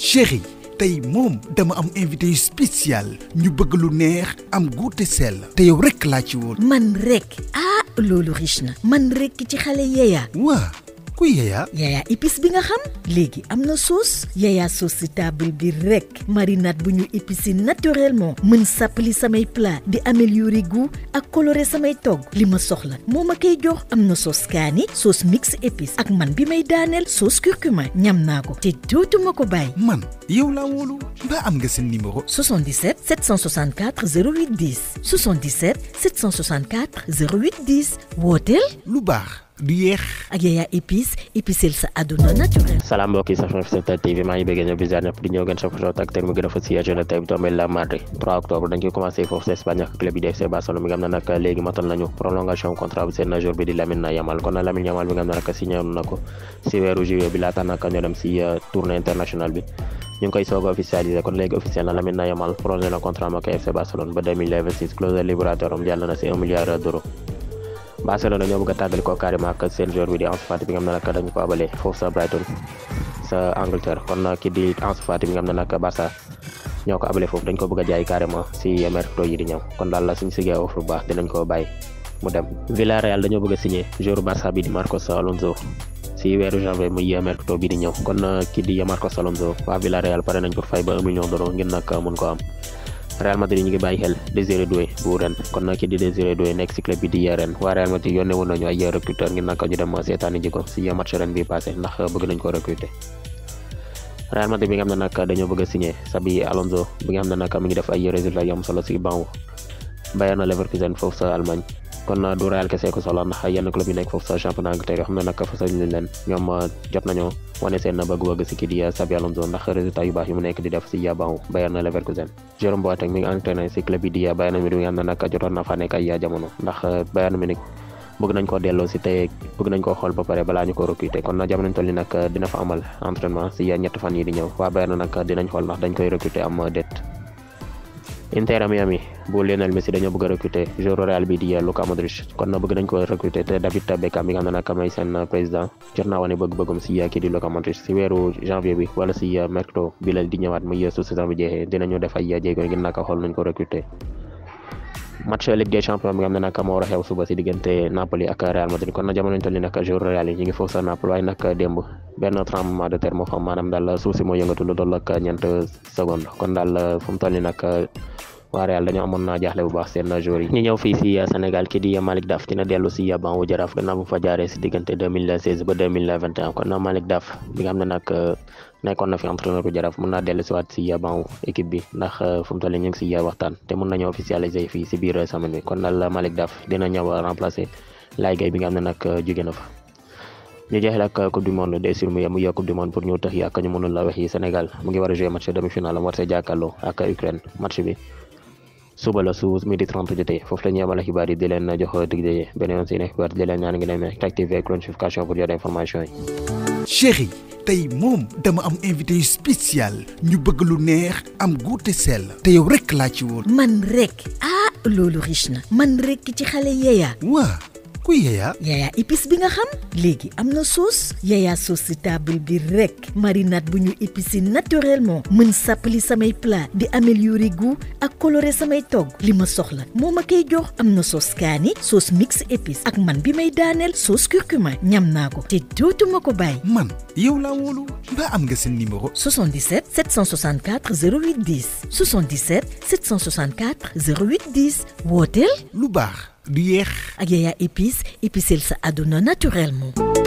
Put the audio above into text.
chéri tey moom dama am invité yu spécial ñu bëgg lu neex am guute sell te yow rek laa ci woon man rek ah loolu riche na man rekk ci xale yeeya waa kuy yeeyaa yeeyaa épice bi nga xam léegi am na sauce yeeyaa sauce si table bi rek marinade bu ñu épicé naturellement mën sàppali samay plat di améliorer gu ak colorer samay togg li ma soxla moom ma koy jox am na sauce kaani sauce mix épice ak man bi may daaneel sauce curcuma ñam naa ko te dootuma ko bàyyi man yow laa wóolu mbaa am nga seen numéro 77 764 08 10 77 764 08 10 wooteel lu baax du ak Yaya épice épicel sa àdduna naturel. salaam mbokk yi safin Sept TV maa ngi bëgg ñëpp di ziar ñëpp di ñëw ngeen safin ak foofu Espagne ak club bi di FC Barcelone mi nga xam ne léegi matal nañu prolongation contrat bu seen jour bi di Lamine Yamal kon na Lamine Yamal mi nga xam ne nag signé na si weeru juillet bi laata nag ñoo dem si euh, tournée internationale bi. ñu koy soog a kon léegi officiel na Lamine na contrat am Barcelona ñoo bëgg a tàggali ko carrément ak seen joueur bi di Ansu bi nga ne nag dañu ko abale foofu sa Brighton sa Angleterre kon ki di Ansu Fati bi nga ne nag Barça ñoo ko abale foofu dañ ko bëgg a jaay carrément si mercato yi di ñëw kon daal la suñ sigee offre bu baax dinañ ko bàyyi mu dem Villarreal dañoo bëgg a signé joueur Barça bi di Marcos Alonso bi di ñëw kon ki di Marcos Alonso waa Villarreal pare nañ fay ba 1 million d'euros ngir nag mun ko am Real Madrid ñu ngi bàyyi xel Désiré Doué bu ren kon nag ci di Désiré Doué nekk ci club bi di ren waa Real Madrid yónnee woon nañu ay recruteur ngir naka ñu si match ren bi passé ndax bëgg nañ ko recruter. Real Madrid bi nga xam ne nag dañoo bëgg a signé Alonso bi nga xam ne nag mi ngi def ay résultats yu solo si banc Bayern Leverkusen foofu sa Allemagne kon du Real kese ko solo ndax yenn club yi nekk foofu sa championnat Angleterre xam ne nag fasal ñu leen ñoom jot nañoo. wane seen na bëgg-bëgg si kii di eh, Xabi ndax résultat yu baax yu nekk di def si yabaw Bayern Leverkusen Jérôme Boateng mi ngi entraîné si club bi di eh, Bayern Munich nga xam ne nag jotoon na fa nekk ay jamono ndax eh, Bayern Munich bëgg nañ ko delloo si te bëgg nañ koo xool ba pare balaa ñu ko recruter kon na jamono ñu toll nii nag dina fa amal entraînement si ñett fan yi di ñëw waa Bayern nag dinañ xool ndax dañ koy recruter am déet Inter Miami bu Lionel Messi dañoo bëgg a recruter Real bi di Luka Modric kon na bëgg nañ ko recruter te David Beckham bi nga xam ne nag président jot naa bëgg-bëggam si kii di Luka Modric si weeru janvier bi wala si mercato bi la di ñëwaat muy su saison bi jeexee dinañu def ay jéego ngir naka xool nañ ko recruter match Ligue des champions bi nga xam ne nag moo war a xew suba si diggante Napoli ak Real Madrid kon na jamono ñu toll nii jour Real yi ñu ngi Napoli waaye nag démb benn tremblement de terre moo xam daal suuf si moo yëngatu lu toll seconde kon daal fu mu toll waa Real dañoo amoon naa jaaxle bu baax seen na joueur yi ñu ñëw fii si euh, Sénégal kii di Malick Daf dina dellu si ban wu jaraaf kon Malick Daf bi nga xam ne nag euh, nekkoon na fi entraîneur bu waat si ban bi ndax euh, fu mu toll ñu ngi si waxtaan te mën nañoo officialiser fii si biir semaine bi kon daal Malick Daf dina ñëw remplacer Laye Gueye bi nga xam ne nag jóge na fa ñu jeexal ak coupe du monde des sur mu yemu coupe du monde pour ñu tax yi ak ñu mënul la wax Sénégal mu ngi war a jouer match demi-finale war see jàkkaarloo ak Ukraine match bi suba la su midi 30 jotee foofu la ñuy amal xibaar yi di leen jox dig daje beneen yoon seen xibaar di leen ñaan ngi demee activer notification pour jot am invité yu ñu bëgg lu neex am guute sell te yow rek laa ci woon. man rek ah loolu riche na man rek ci xale yeeya. waaw. kuy yeeyaa yeeyaa épice bi nga xam léegi am na soos yeeyaa sauce si table bi rek marinade bu ñu épicé naturellement mën sàppali samay plat di améliorer gu ak colorer samay togg li ma soxla moo ma koy jox am na sauce kaani sauce mix épice ak man bi may daaneel soos curcuma ñam naa ko te dootuma ko bàyyi man yow laa wóolu mbaa am nga seen numéro 77 764 08 10 77 764 08 10 wooteel lu baax du yéex. ak yaayaa épices épicel sa àdduna naturellement.